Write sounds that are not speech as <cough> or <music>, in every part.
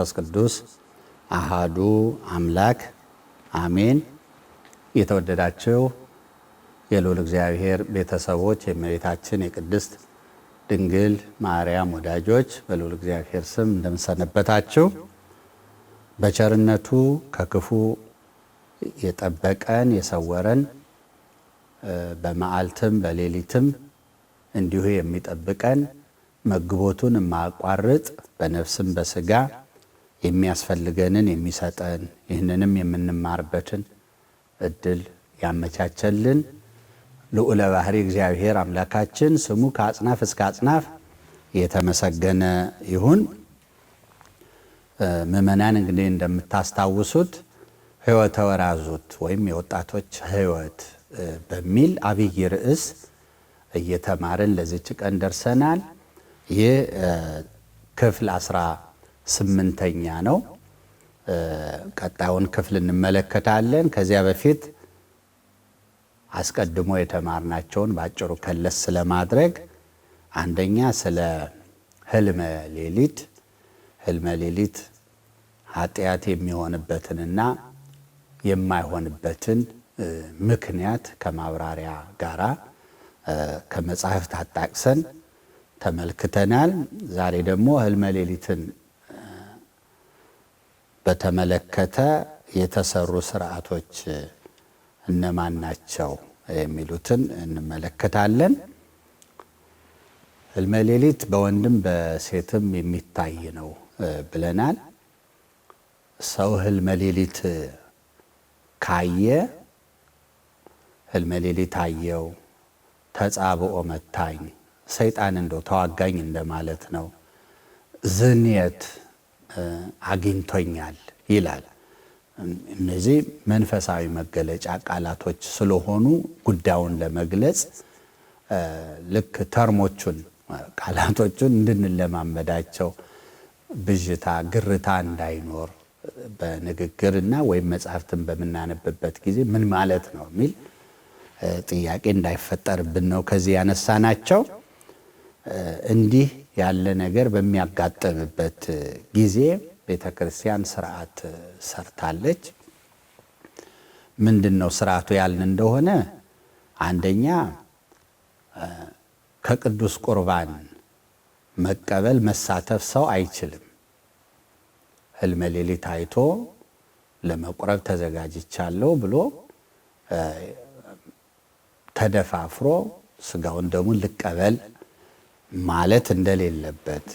መንፈስ ቅዱስ አሃዱ አምላክ አሜን። የተወደዳችሁ የልዑል እግዚአብሔር ቤተሰቦች፣ የእመቤታችን የቅድስት ድንግል ማርያም ወዳጆች በልዑል እግዚአብሔር ስም እንደምንሰነበታችሁ በቸርነቱ ከክፉ የጠበቀን የሰወረን በመዓልትም በሌሊትም እንዲሁ የሚጠብቀን መግቦቱን የማያቋርጥ በነፍስም በስጋ የሚያስፈልገንን የሚሰጠን ይህንንም የምንማርበትን እድል ያመቻቸልን ልዑለ ባህሪ እግዚአብሔር አምላካችን ስሙ ከአጽናፍ እስከ አጽናፍ የተመሰገነ ይሁን። ምእመናን እንግዲህ እንደምታስታውሱት ሕይወተ ወራዙት ወይም የወጣቶች ሕይወት በሚል አብይ ርዕስ እየተማርን ለዚች ቀን ደርሰናል። ይህ ክፍል አስራ ስምንተኛ ነው። ቀጣዩን ክፍል እንመለከታለን። ከዚያ በፊት አስቀድሞ የተማርናቸውን በአጭሩ ከለስ ስለማድረግ አንደኛ ስለ ህልመ ሌሊት ህልመ ሌሊት ኃጢአት የሚሆንበትንና የማይሆንበትን ምክንያት ከማብራሪያ ጋራ ከመጽሐፍት አጣቅሰን ተመልክተናል። ዛሬ ደግሞ ህልመ ሌሊትን በተመለከተ የተሰሩ ስርዓቶች እነማን ናቸው የሚሉትን እንመለከታለን። ሕልመ ሌሊት በወንድም በሴትም የሚታይ ነው ብለናል። ሰው ሕልመ ሌሊት ካየ ሕልመ ሌሊት አየው ተጻብኦ መታኝ፣ ሰይጣን እንደው ተዋጋኝ እንደማለት ነው። ዝንየት አግኝቶኛል ይላል። እነዚህ መንፈሳዊ መገለጫ ቃላቶች ስለሆኑ ጉዳዩን ለመግለጽ ልክ ተርሞቹን ቃላቶቹን እንድንለማመዳቸው ብዥታ፣ ግርታ እንዳይኖር በንግግርና ወይም መጽሐፍትን በምናነብበት ጊዜ ምን ማለት ነው የሚል ጥያቄ እንዳይፈጠርብን ነው ከዚህ ያነሳናቸው እንዲህ ያለ ነገር በሚያጋጥምበት ጊዜ ቤተ ክርስቲያን ስርዓት ሰርታለች። ምንድን ነው ስርዓቱ ያልን እንደሆነ አንደኛ ከቅዱስ ቁርባን መቀበል መሳተፍ ሰው አይችልም። ህልመ ሌሊት አይቶ ለመቁረብ ተዘጋጅቻለሁ ብሎ ተደፋፍሮ ስጋውን ደሙን ልቀበል ማለት እንደሌለበት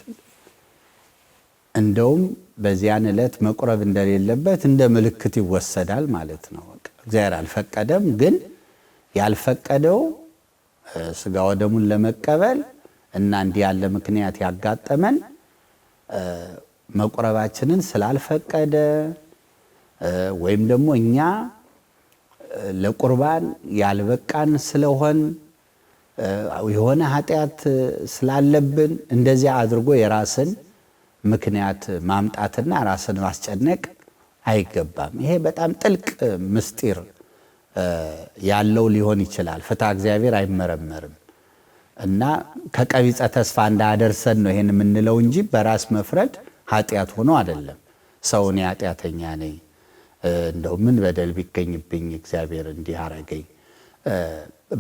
እንደውም በዚያን ዕለት መቁረብ እንደሌለበት እንደ ምልክት ይወሰዳል ማለት ነው። እግዚአብሔር አልፈቀደም፣ ግን ያልፈቀደው ስጋ ወደሙን ለመቀበል እና እንዲህ ያለ ምክንያት ያጋጠመን መቁረባችንን ስላልፈቀደ ወይም ደግሞ እኛ ለቁርባን ያልበቃን ስለሆን የሆነ ኃጢአት ስላለብን እንደዚያ አድርጎ የራስን ምክንያት ማምጣትና ራስን ማስጨነቅ አይገባም። ይሄ በጣም ጥልቅ ምስጢር ያለው ሊሆን ይችላል። ፍትሐ እግዚአብሔር አይመረመርም እና ከቀቢፀ ተስፋ እንዳያደርሰን ነው ይሄን የምንለው እንጂ በራስ መፍረድ ኃጢአት ሆኖ አይደለም። ሰው እኔ ኃጢአተኛ ነኝ፣ እንደው ምን በደል ቢገኝብኝ እግዚአብሔር እንዲህ አረገኝ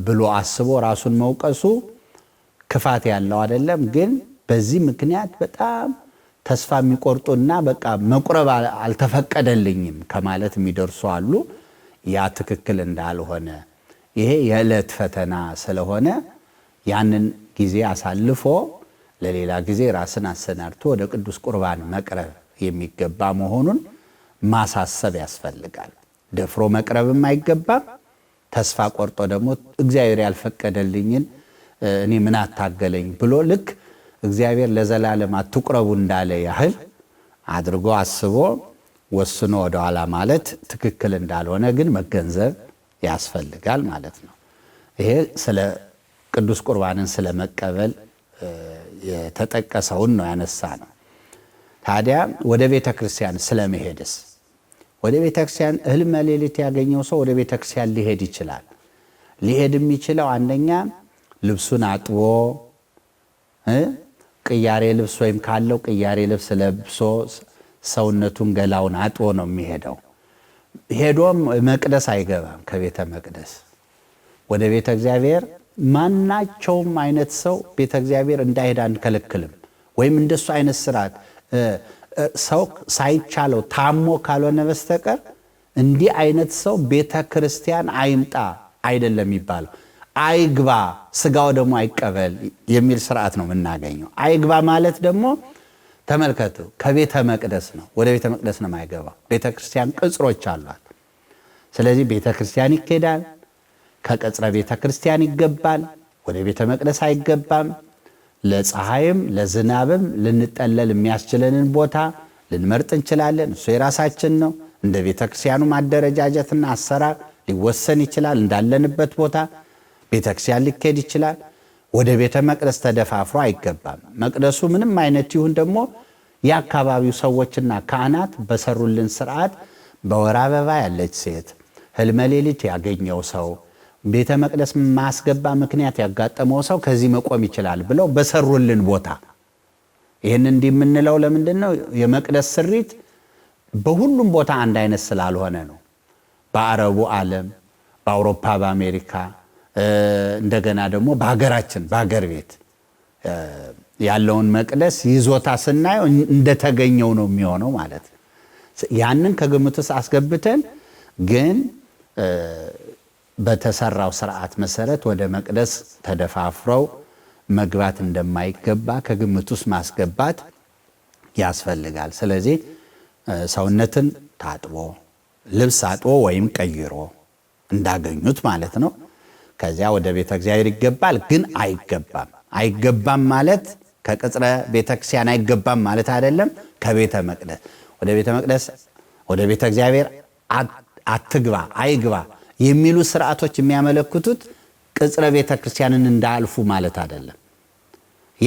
ብሎ አስቦ ራሱን መውቀሱ ክፋት ያለው አይደለም። ግን በዚህ ምክንያት በጣም ተስፋ የሚቆርጡና በቃ መቁረብ አልተፈቀደልኝም ከማለት የሚደርሱ አሉ። ያ ትክክል እንዳልሆነ ይሄ የዕለት ፈተና ስለሆነ ያንን ጊዜ አሳልፎ ለሌላ ጊዜ ራስን አሰናድቶ ወደ ቅዱስ ቁርባን መቅረብ የሚገባ መሆኑን ማሳሰብ ያስፈልጋል። ደፍሮ መቅረብም አይገባም። ተስፋ ቆርጦ ደግሞ እግዚአብሔር ያልፈቀደልኝን እኔ ምን አታገለኝ ብሎ ልክ እግዚአብሔር ለዘላለም አትቁረቡ እንዳለ ያህል አድርጎ አስቦ ወስኖ ወደኋላ ማለት ትክክል እንዳልሆነ ግን መገንዘብ ያስፈልጋል ማለት ነው። ይሄ ስለ ቅዱስ ቁርባንን ስለመቀበል የተጠቀሰውን ነው ያነሳ ነው። ታዲያ ወደ ቤተ ክርስቲያን ስለመሄድስ ወደ ቤተክርስቲያን እህልመ ሌሊት ያገኘው ሰው ወደ ቤተክርስቲያን ሊሄድ ይችላል። ሊሄድ የሚችለው አንደኛ ልብሱን አጥቦ ቅያሬ ልብስ ወይም ካለው ቅያሬ ልብስ ለብሶ ሰውነቱን ገላውን አጥቦ ነው የሚሄደው። ሄዶም መቅደስ አይገባም። ከቤተ መቅደስ ወደ ቤተ እግዚአብሔር ማናቸውም አይነት ሰው ቤተ እግዚአብሔር እንዳይሄድ አንከለክልም። ወይም እንደሱ አይነት ስርዓት ሰው ሳይቻለው ታሞ ካልሆነ በስተቀር እንዲህ አይነት ሰው ቤተ ክርስቲያን አይምጣ አይደለም የሚባለው። አይግባ ስጋው ደግሞ አይቀበል የሚል ስርዓት ነው የምናገኘው። አይግባ ማለት ደግሞ ተመልከቱ፣ ከቤተ መቅደስ ነው ወደ ቤተ መቅደስ ነው የማይገባው። ቤተ ክርስቲያን ቅጽሮች አሏት። ስለዚህ ቤተ ክርስቲያን ይኬዳል፣ ከቅጽረ ቤተ ክርስቲያን ይገባል፣ ወደ ቤተ መቅደስ አይገባም። ለፀሐይም ለዝናብም ልንጠለል የሚያስችለንን ቦታ ልንመርጥ እንችላለን። እሱ የራሳችን ነው። እንደ ቤተ ክርስቲያኑ ማደረጃጀትና አሰራር ሊወሰን ይችላል። እንዳለንበት ቦታ ቤተ ክርስቲያን ሊካሄድ ይችላል። ወደ ቤተ መቅደስ ተደፋፍሮ አይገባም። መቅደሱ ምንም አይነት ይሁን ደግሞ የአካባቢው ሰዎችና ካህናት በሰሩልን ስርዓት በወር አበባ ያለች ሴት፣ ህልመ ሌሊት ያገኘው ሰው ቤተ መቅደስ ማስገባ ምክንያት ያጋጠመው ሰው ከዚህ መቆም ይችላል ብለው በሰሩልን ቦታ ይህን እንዲህ የምንለው ለምንድን ነው? የመቅደስ ስሪት በሁሉም ቦታ አንድ አይነት ስላልሆነ ነው። በአረቡ ዓለም፣ በአውሮፓ፣ በአሜሪካ እንደገና ደግሞ በሀገራችን በሀገር ቤት ያለውን መቅደስ ይዞታ ስናየው እንደተገኘው ነው የሚሆነው ማለት ነው። ያንን ከግምት ውስጥ አስገብተን ግን በተሰራው ስርዓት መሰረት ወደ መቅደስ ተደፋፍረው መግባት እንደማይገባ ከግምት ውስጥ ማስገባት ያስፈልጋል። ስለዚህ ሰውነትን ታጥቦ ልብስ አጥቦ ወይም ቀይሮ እንዳገኙት ማለት ነው። ከዚያ ወደ ቤተ እግዚአብሔር ይገባል። ግን አይገባም። አይገባም ማለት ከቅጽረ ቤተ ክርስቲያን አይገባም ማለት አይደለም። ከቤተ መቅደስ ወደ ቤተ መቅደስ ወደ ቤተ እግዚአብሔር አትግባ፣ አይግባ የሚሉ ስርዓቶች የሚያመለክቱት ቅጽረ ቤተ ክርስቲያንን እንዳልፉ ማለት አይደለም።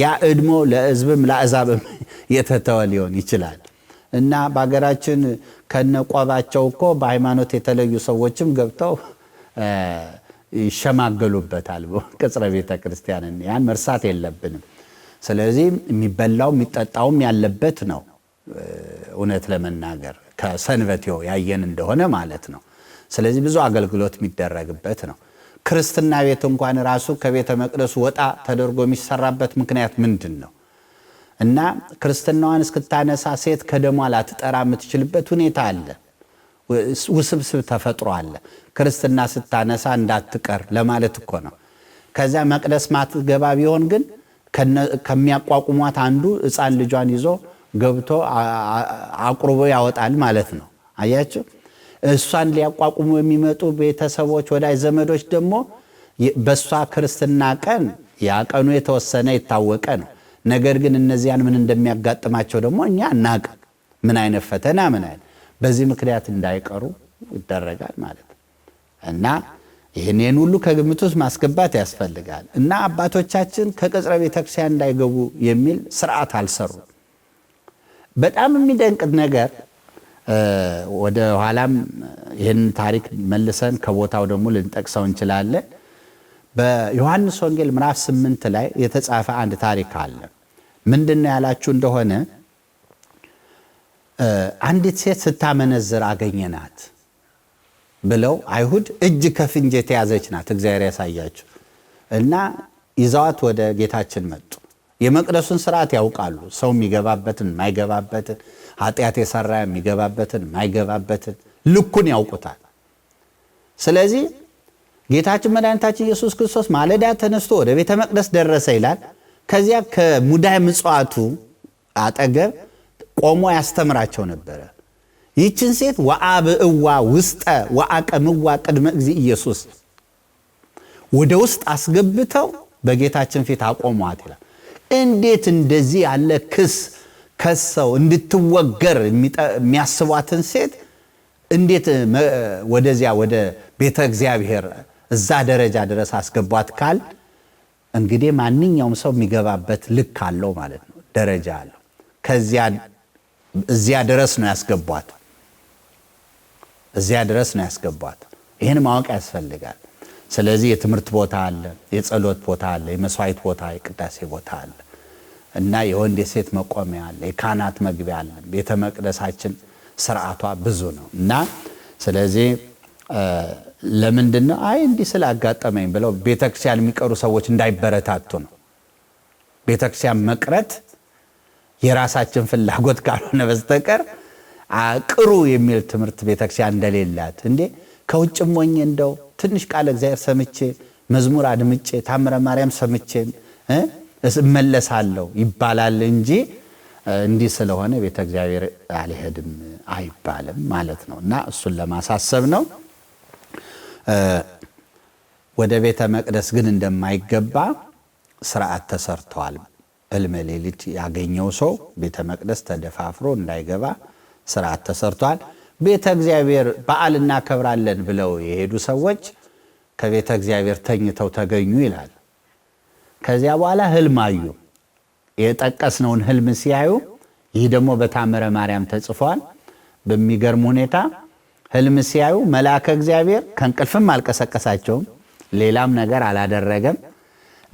ያ እድሞ ለህዝብም ለአዛብም <laughs> የተተወ ሊሆን ይችላል እና በሀገራችን ከነቆባቸው እኮ በሃይማኖት የተለዩ ሰዎችም ገብተው ይሸማገሉበታል <laughs> ቅጽረ ቤተ ክርስቲያንን። ያን መርሳት የለብንም። ስለዚህ የሚበላው የሚጠጣውም ያለበት ነው። እውነት ለመናገር ከሰንበቴው ያየን እንደሆነ ማለት ነው። ስለዚህ ብዙ አገልግሎት የሚደረግበት ነው። ክርስትና ቤት እንኳን ራሱ ከቤተ መቅደሱ ወጣ ተደርጎ የሚሰራበት ምክንያት ምንድን ነው? እና ክርስትናዋን እስክታነሳ ሴት ከደሟ ላትጠራ የምትችልበት ሁኔታ አለ። ውስብስብ ተፈጥሮ አለ። ክርስትና ስታነሳ እንዳትቀር ለማለት እኮ ነው። ከዚያ መቅደስ ማትገባ ቢሆን ግን ከሚያቋቁሟት አንዱ ሕፃን ልጇን ይዞ ገብቶ አቁርቦ ያወጣል ማለት ነው። አያችሁ። እሷን ሊያቋቁሙ የሚመጡ ቤተሰቦች፣ ወዳጅ ዘመዶች ደግሞ በእሷ ክርስትና ቀን ያ ቀኑ የተወሰነ የታወቀ ነው። ነገር ግን እነዚያን ምን እንደሚያጋጥማቸው ደግሞ እኛ እናቅ ምን አይነት ፈተና ምን አይነት በዚህ ምክንያት እንዳይቀሩ ይደረጋል ማለት ነው እና ይህንን ሁሉ ከግምት ውስጥ ማስገባት ያስፈልጋል እና አባቶቻችን ከቅጽረ ቤተክርስቲያን እንዳይገቡ የሚል ስርዓት አልሰሩም። በጣም የሚደንቅ ነገር ወደ ኋላም ይህን ታሪክ መልሰን ከቦታው ደግሞ ልንጠቅሰው እንችላለን። በዮሐንስ ወንጌል ምዕራፍ ስምንት ላይ የተጻፈ አንድ ታሪክ አለ። ምንድን ነው ያላችሁ እንደሆነ አንዲት ሴት ስታመነዝር አገኘናት ብለው አይሁድ እጅ ከፍንጅ የተያዘች ናት። እግዚአብሔር ያሳያችሁ እና ይዘዋት ወደ ጌታችን መጡ። የመቅደሱን ስርዓት ያውቃሉ። ሰው የሚገባበትን የማይገባበትን፣ ኃጢአት የሰራ የሚገባበትን የማይገባበትን ልኩን ያውቁታል። ስለዚህ ጌታችን መድኃኒታችን ኢየሱስ ክርስቶስ ማለዳ ተነስቶ ወደ ቤተ መቅደስ ደረሰ ይላል። ከዚያ ከሙዳይ ምጽዋቱ አጠገብ ቆሞ ያስተምራቸው ነበረ። ይችን ሴት ወአብእዋ ውስጠ ወአቀምዋ ቅድመ እግዚእ ኢየሱስ ወደ ውስጥ አስገብተው በጌታችን ፊት አቆሟት ይላል። እንዴት እንደዚህ ያለ ክስ ከሰው እንድትወገር የሚያስቧትን ሴት እንዴት ወደዚያ ወደ ቤተ እግዚአብሔር እዛ ደረጃ ድረስ አስገቧት ካል እንግዲህ ማንኛውም ሰው የሚገባበት ልክ አለው ማለት ነው፣ ደረጃ አለው። ከዚያ እዚያ ድረስ ነው ያስገቧት፣ እዚያ ድረስ ነው ያስገቧት። ይህን ማወቅ ያስፈልጋል። ስለዚህ የትምህርት ቦታ አለ፣ የጸሎት ቦታ አለ፣ የመስዋዕት ቦታ፣ የቅዳሴ ቦታ አለ እና የወንድ የሴት መቆሚያ አለ፣ የካህናት መግቢያ አለ። ቤተ መቅደሳችን ስርዓቷ ብዙ ነው እና ስለዚህ ለምንድን ነው አይ እንዲህ አጋጠመኝ ብለው ቤተክርስቲያን የሚቀሩ ሰዎች እንዳይበረታቱ ነው። ቤተክርስቲያን መቅረት የራሳችን ፍላጎት ካልሆነ በስተቀር ቅሩ የሚል ትምህርት ቤተክርስቲያን እንደሌላት እንዴ ከውጭም ሞኝ እንደው ትንሽ ቃለ እግዚአብሔር ሰምቼ መዝሙር አድምጬ ታምረ ማርያም ሰምቼ እመለሳለሁ ይባላል እንጂ እንዲህ ስለሆነ ቤተ እግዚአብሔር አልሄድም አይባልም ማለት ነው። እና እሱን ለማሳሰብ ነው። ወደ ቤተ መቅደስ ግን እንደማይገባ ስርዓት ተሰርተዋል። እልመ ሌሊት ያገኘው ሰው ቤተ መቅደስ ተደፋፍሮ እንዳይገባ ስርዓት ተሰርተዋል። ቤተ እግዚአብሔር በዓል እናከብራለን ብለው የሄዱ ሰዎች ከቤተ እግዚአብሔር ተኝተው ተገኙ ይላል። ከዚያ በኋላ ህልም አዩ። የጠቀስነውን ህልም ሲያዩ ይህ ደግሞ በታምረ ማርያም ተጽፏል። በሚገርም ሁኔታ ህልም ሲያዩ መልአከ እግዚአብሔር ከእንቅልፍም አልቀሰቀሳቸውም፣ ሌላም ነገር አላደረገም።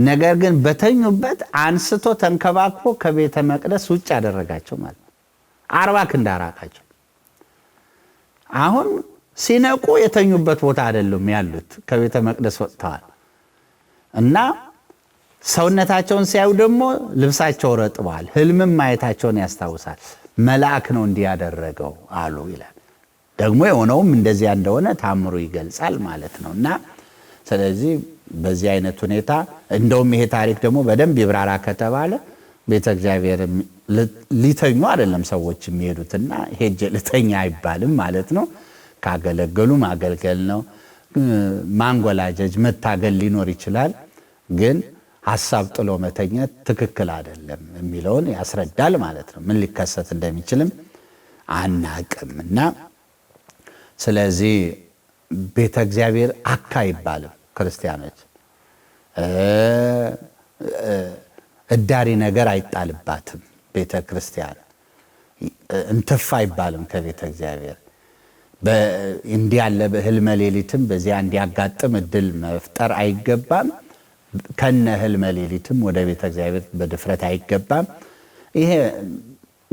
ነገር ግን በተኙበት አንስቶ ተንከባክቦ ከቤተ መቅደስ ውጭ አደረጋቸው ማለት አርባ ክንድ አራቃቸው። አሁን ሲነቁ የተኙበት ቦታ አይደሉም ያሉት፣ ከቤተ መቅደስ ወጥተዋል እና ሰውነታቸውን ሲያዩ ደግሞ ልብሳቸው ረጥበዋል። ህልምም ማየታቸውን ያስታውሳል። መልአክ ነው እንዲህ ያደረገው አሉ ይላል። ደግሞ የሆነውም እንደዚያ እንደሆነ ታምሩ ይገልጻል ማለት ነው እና ስለዚህ በዚህ አይነት ሁኔታ እንደውም ይሄ ታሪክ ደግሞ በደንብ ይብራራ ከተባለ ቤተ እግዚአብሔር ሊተኙ አይደለም ሰዎች የሚሄዱትና ሄጄ ልተኛ አይባልም ማለት ነው። ካገለገሉ ማገልገል ነው። ማንጎላጀጅ፣ መታገል ሊኖር ይችላል። ግን ሀሳብ ጥሎ መተኘት ትክክል አይደለም የሚለውን ያስረዳል ማለት ነው። ምን ሊከሰት እንደሚችልም አናቅም እና ስለዚህ ቤተ እግዚአብሔር አካ አይባልም ክርስቲያኖች እዳሪ ነገር አይጣልባትም ቤተ ክርስቲያን እንትፍ አይባልም ከቤተ እግዚአብሔር እንዲህ ያለ ህልመ ሌሊትም በዚያ እንዲያጋጥም እድል መፍጠር አይገባም። ከነ ህልመ ሌሊትም ወደ ቤተ እግዚአብሔር በድፍረት አይገባም። ይሄ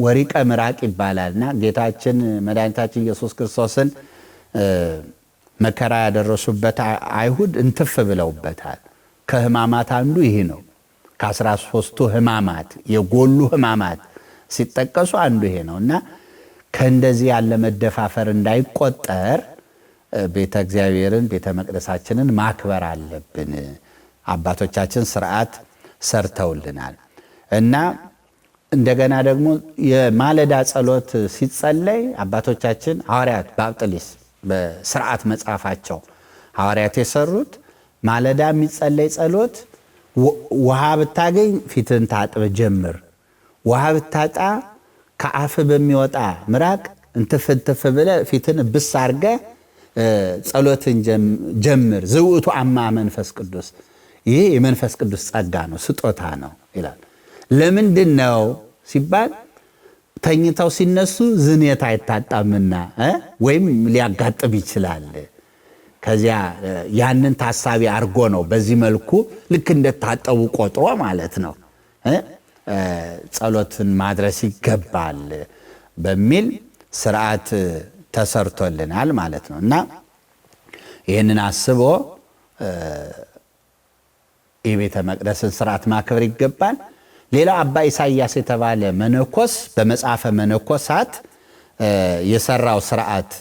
ወሪቀ ምራቅ ይባላል ጌታችን መድኃኒታችን ኢየሱስ ክርስቶስን መከራ ያደረሱበት አይሁድ እንትፍ ብለውበታል። ከህማማት አንዱ ይህ ነው። ከአስራ ሦስቱ ህማማት የጎሉ ህማማት ሲጠቀሱ አንዱ ይሄ ነው እና ከእንደዚህ ያለ መደፋፈር እንዳይቆጠር ቤተ እግዚአብሔርን ቤተ መቅደሳችንን ማክበር አለብን። አባቶቻችን ስርዓት ሰርተውልናል እና እንደገና ደግሞ የማለዳ ጸሎት ሲጸለይ አባቶቻችን ሐዋርያት በአብጥሊስ በስርዓት መጽሐፋቸው ሐዋርያት የሰሩት ማለዳ የሚጸለይ ጸሎት ውሃ ብታገኝ ፊትን ታጥብ ጀምር። ውሃ ብታጣ ከአፍ በሚወጣ ምራቅ እንትፍትፍ ብለ ፊትን ብስ አርገ ጸሎትን ጀምር። ዝውእቱ አማ መንፈስ ቅዱስ ይህ የመንፈስ ቅዱስ ጸጋ ነው፣ ስጦታ ነው ይላል። ለምንድን ነው ሲባል ተኝተው ሲነሱ ዝኔት አይታጣምና ወይም ሊያጋጥም ይችላል። ከዚያ ያንን ታሳቢ አድርጎ ነው በዚህ መልኩ ልክ እንደታጠቡ ቆጥሮ ማለት ነው ጸሎትን ማድረስ ይገባል በሚል ስርዓት ተሰርቶልናል ማለት ነው እና ይህንን አስቦ የቤተ መቅደስን ስርዓት ማክበር ይገባል። ሌላው አባ ኢሳያስ የተባለ መነኮስ በመጽሐፈ መነኮሳት የሰራው ስርዓት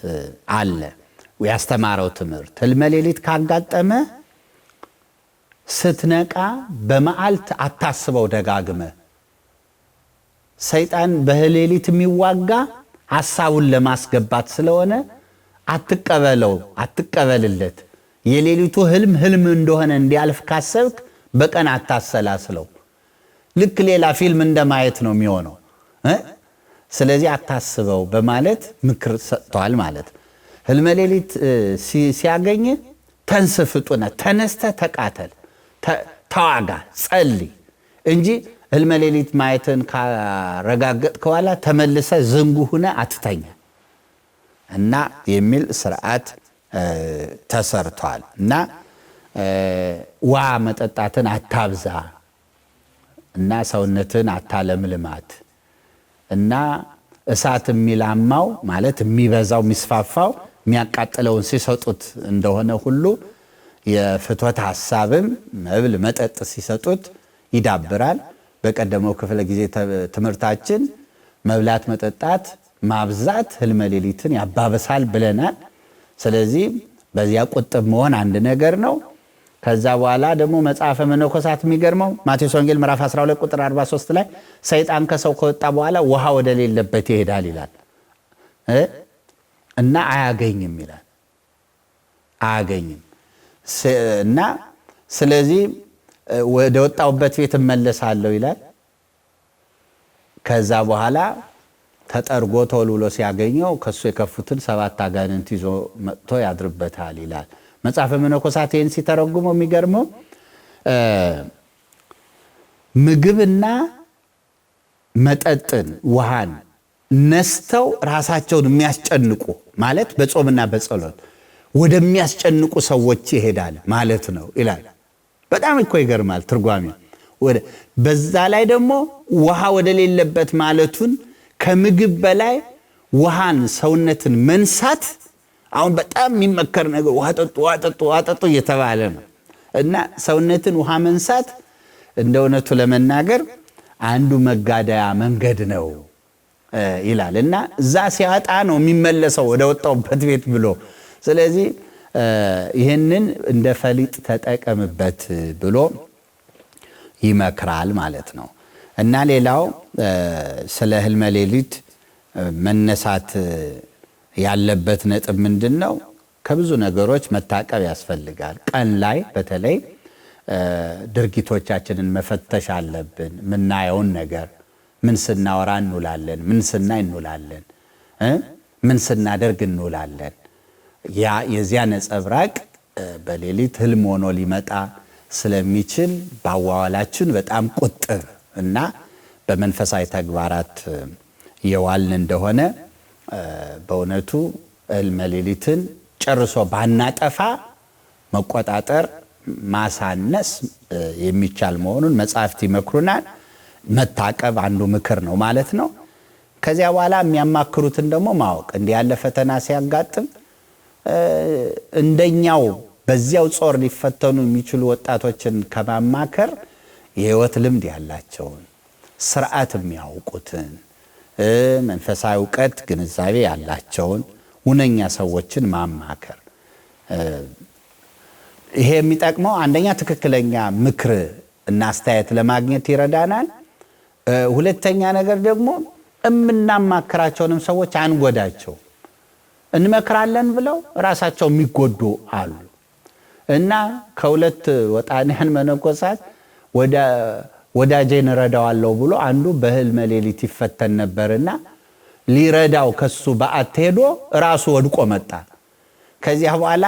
አለ። ያስተማረው ትምህርት ህልመ ሌሊት ካጋጠመ ስትነቃ በመዓልት አታስበው ደጋግመ። ሰይጣን በህሌሊት የሚዋጋ ሐሳቡን ለማስገባት ስለሆነ አትቀበለው፣ አትቀበልለት። የሌሊቱ ህልም ህልም እንደሆነ እንዲያልፍ ካሰብክ በቀን አታሰላስለው። ልክ ሌላ ፊልም እንደማየት ነው የሚሆነው። ስለዚህ አታስበው በማለት ምክር ሰጥተዋል ማለት ነው። ህልመ ሌሊት ሲያገኝ ተንስ ፍጡነ ተነስተ ተቃተል ተዋጋ ጸልይ እንጂ ህልመ ሌሊት ማየትን ካረጋገጥ ከኋላ ተመልሰ ዝንጉ ሁነ አትተኛ እና የሚል ስርዓት ተሰርቷል። እና ውሃ መጠጣትን አታብዛ እና ሰውነትን አታለምልማት እና እሳት የሚላማው ማለት የሚበዛው የሚስፋፋው የሚያቃጥለውን ሲሰጡት እንደሆነ ሁሉ የፍትወት ሀሳብም መብል መጠጥ ሲሰጡት ይዳብራል። በቀደመው ክፍለ ጊዜ ትምህርታችን መብላት፣ መጠጣት፣ ማብዛት ህልመ ሌሊትን ያባበሳል ብለናል። ስለዚህ በዚያ ቁጥብ መሆን አንድ ነገር ነው። ከዛ በኋላ ደግሞ መጽሐፈ መነኮሳት የሚገርመው ማቴዎስ ወንጌል ምዕራፍ 12 ቁጥር 43 ላይ ሰይጣን ከሰው ከወጣ በኋላ ውሃ ወደሌለበት ይሄዳል ይላል። እና አያገኝም ይላል። አያገኝም እና ስለዚህ ወደ ወጣሁበት ቤት እመለሳለሁ ይላል። ከዛ በኋላ ተጠርጎ ቶሎ ብሎ ሲያገኘው ከሱ የከፉትን ሰባት አጋንንት ይዞ መጥቶ ያድርበታል ይላል መጽሐፈ መነኮሳት። ይህን ሲተረጉመው የሚገርመው ምግብና መጠጥን ውሃን ነስተው ራሳቸውን የሚያስጨንቁ ማለት በጾምና በጸሎት ወደሚያስጨንቁ ሰዎች ይሄዳል ማለት ነው ይላል። በጣም እኮ ይገርማል ትርጓሜ። በዛ ላይ ደግሞ ውሃ ወደሌለበት ማለቱን ከምግብ በላይ ውሃን ሰውነትን መንሳት አሁን በጣም የሚመከር ነገር ውሃ ጠጡ፣ ውሃ ጠጡ፣ ውሃ ጠጡ እየተባለ ነው እና ሰውነትን ውሃ መንሳት እንደ እውነቱ ለመናገር አንዱ መጋደያ መንገድ ነው። ይላል እና እዛ ሲያጣ ነው የሚመለሰው ወደ ወጣውበት ቤት ብሎ። ስለዚህ ይህንን እንደ ፈሊጥ ተጠቀምበት ብሎ ይመክራል ማለት ነው። እና ሌላው ስለ ህልመ ሌሊት መነሳት ያለበት ነጥብ ምንድን ነው? ከብዙ ነገሮች መታቀብ ያስፈልጋል። ቀን ላይ በተለይ ድርጊቶቻችንን መፈተሽ አለብን። የምናየውን ነገር ምን ስናወራ እንውላለን? ምን ስናይ እንውላለን? ምን ስናደርግ እንውላለን? ያ የዚያ ነጸብራቅ በሌሊት ህልም ሆኖ ሊመጣ ስለሚችል በአዋዋላችን በጣም ቁጥብ እና በመንፈሳዊ ተግባራት የዋልን እንደሆነ በእውነቱ ህልመ ሌሊትን ጨርሶ ባናጠፋ መቆጣጠር፣ ማሳነስ የሚቻል መሆኑን መጽሐፍት ይመክሩናል። መታቀብ አንዱ ምክር ነው ማለት ነው። ከዚያ በኋላ የሚያማክሩትን ደግሞ ማወቅ እንዲህ ያለ ፈተና ሲያጋጥም እንደኛው በዚያው ጾር ሊፈተኑ የሚችሉ ወጣቶችን ከማማከር የህይወት ልምድ ያላቸውን ስርዓት የሚያውቁትን መንፈሳዊ እውቀት ግንዛቤ ያላቸውን ውነኛ ሰዎችን ማማከር ይሄ የሚጠቅመው አንደኛ ትክክለኛ ምክር እና አስተያየት ለማግኘት ይረዳናል። ሁለተኛ ነገር ደግሞ እምናማክራቸውንም ሰዎች አንጎዳቸው። እንመክራለን ብለው ራሳቸው የሚጎዱ አሉ እና ከሁለት ወጣንያን መነኮሳት ወዳጄን እረዳዋለሁ ብሎ አንዱ በሕልመ ሌሊት ይፈተን ነበርና ሊረዳው ከሱ በዓት ሄዶ ራሱ ወድቆ መጣ። ከዚያ በኋላ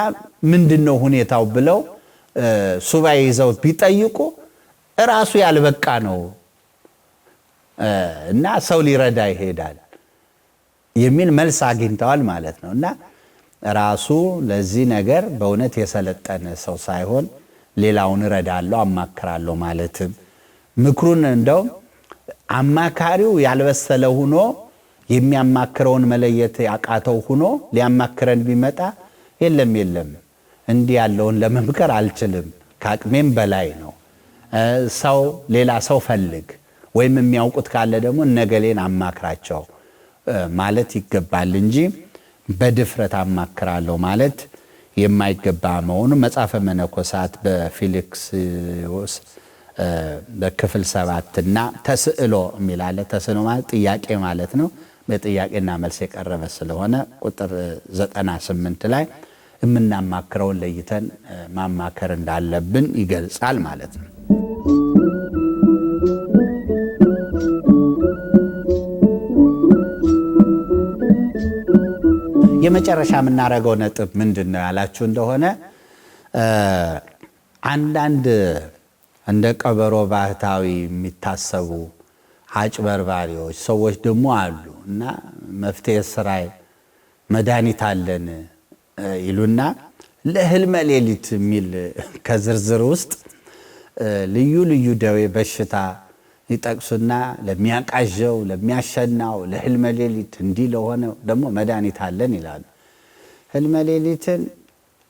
ምንድን ነው ሁኔታው ብለው ሱባኤ ይዘው ቢጠይቁ እራሱ ያልበቃ ነው እና ሰው ሊረዳ ይሄዳል የሚል መልስ አግኝተዋል ማለት ነው። እና ራሱ ለዚህ ነገር በእውነት የሰለጠነ ሰው ሳይሆን ሌላውን እረዳለሁ፣ አማክራለሁ ማለትም ምክሩን እንደው አማካሪው ያልበሰለ ሁኖ የሚያማክረውን መለየት ያቃተው ሁኖ ሊያማክረን ቢመጣ የለም የለም እንዲህ ያለውን ለመምከር አልችልም፣ ከአቅሜም በላይ ነው፣ ሰው ሌላ ሰው ፈልግ ወይም የሚያውቁት ካለ ደግሞ ነገሌን አማክራቸው ማለት ይገባል እንጂ በድፍረት አማክራለሁ ማለት የማይገባ መሆኑ መጽሐፈ መነኮሳት በፊልክስዩስ በክፍል ሰባት እና ተስዕሎ የሚላለ ተስዕሎ ማለት ጥያቄ ማለት ነው። በጥያቄና መልስ የቀረበ ስለሆነ ቁጥር ዘጠና ስምንት ላይ የምናማክረውን ለይተን ማማከር እንዳለብን ይገልጻል ማለት ነው። የመጨረሻ የምናደርገው ነጥብ ምንድን ነው ያላችሁ እንደሆነ አንዳንድ እንደ ቀበሮ ባህታዊ የሚታሰቡ አጭበርባሪዎች ሰዎች ደግሞ አሉ እና መፍትሄ ስራይ መድኃኒት አለን ይሉና ለህልመ ሌሊት የሚል ከዝርዝር ውስጥ ልዩ ልዩ ደዌ በሽታ ይጠቅሱና ለሚያቃዠው፣ ለሚያሸናው፣ ለህልመ ሌሊት እንዲህ ለሆነ ደግሞ መድኃኒት አለን ይላሉ። ህልመ ሌሊትን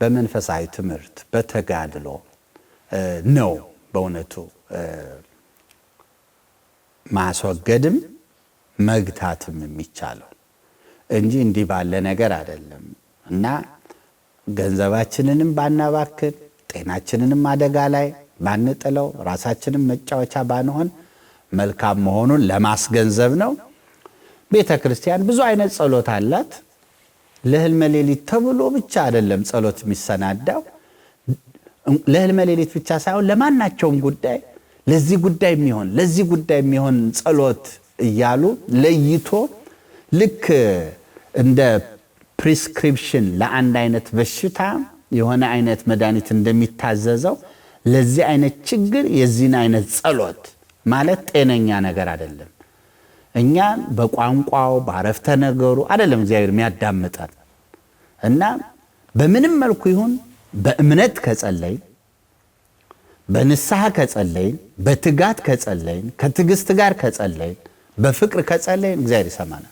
በመንፈሳዊ ትምህርት በተጋድሎ ነው በእውነቱ ማስወገድም መግታትም የሚቻለው እንጂ እንዲህ ባለ ነገር አይደለም እና ገንዘባችንንም ባናባክን ጤናችንንም አደጋ ላይ ባንጥለው ራሳችንም መጫወቻ ባንሆን መልካም መሆኑን ለማስገንዘብ ነው። ቤተ ክርስቲያን ብዙ አይነት ጸሎት አላት። ለህልመ ሌሊት ተብሎ ብቻ አይደለም ጸሎት የሚሰናዳው። ለህልመ ሌሊት ብቻ ሳይሆን ለማናቸውም ጉዳይ ለዚህ ጉዳይ የሚሆን ለዚህ ጉዳይ የሚሆን ጸሎት እያሉ ለይቶ ልክ እንደ ፕሪስክሪፕሽን ለአንድ አይነት በሽታ የሆነ አይነት መድኃኒት እንደሚታዘዘው ለዚህ አይነት ችግር የዚህን አይነት ጸሎት ማለት ጤነኛ ነገር አይደለም። እኛን በቋንቋው በአረፍተ ነገሩ አይደለም እግዚአብሔር የሚያዳምጠን እና በምንም መልኩ ይሁን በእምነት ከጸለይን፣ በንስሐ ከጸለይን፣ በትጋት ከጸለይን፣ ከትዕግስት ጋር ከጸለይን፣ በፍቅር ከጸለይን እግዚአብሔር ይሰማናል።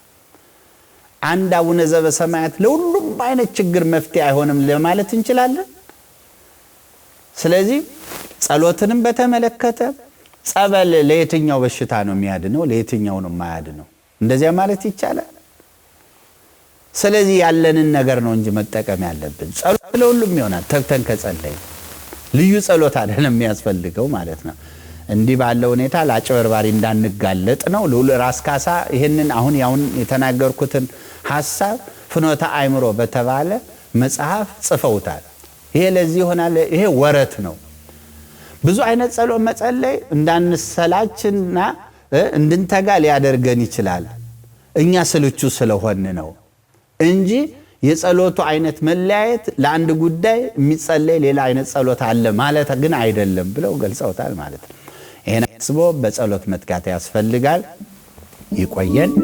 አንድ አቡነ ዘበሰማያት ለሁሉም አይነት ችግር መፍትሄ አይሆንም ለማለት እንችላለን። ስለዚህ ጸሎትንም በተመለከተ ጸበል ለየትኛው በሽታ ነው የሚያድነው? ለየትኛው ነው የማያድነው? እንደዚያ ማለት ይቻላል። ስለዚህ ያለንን ነገር ነው እንጂ መጠቀም ያለብን። ጸሎት ለሁሉም ይሆናል። ተግተን ከጸለይ ልዩ ጸሎት አይደለም የሚያስፈልገው ማለት ነው። እንዲህ ባለ ሁኔታ ለአጭበርባሪ እንዳንጋለጥ ነው። ልዑል ራስ ካሳ ይህንን አሁን ያሁን የተናገርኩትን ሀሳብ ፍኖተ አይምሮ በተባለ መጽሐፍ ጽፈውታል። ይሄ ለዚህ ይሆናል። ይሄ ወረት ነው። ብዙ አይነት ጸሎት መጸለይ እንዳንሰላችና እንድንተጋ ሊያደርገን ይችላል። እኛ ስልቹ ስለሆን ነው እንጂ የጸሎቱ አይነት መለያየት ለአንድ ጉዳይ የሚጸለይ ሌላ አይነት ጸሎት አለ ማለት ግን አይደለም ብለው ገልጸውታል ማለት ነው። ይህን አስቦ በጸሎት መትጋት ያስፈልጋል። ይቆየን።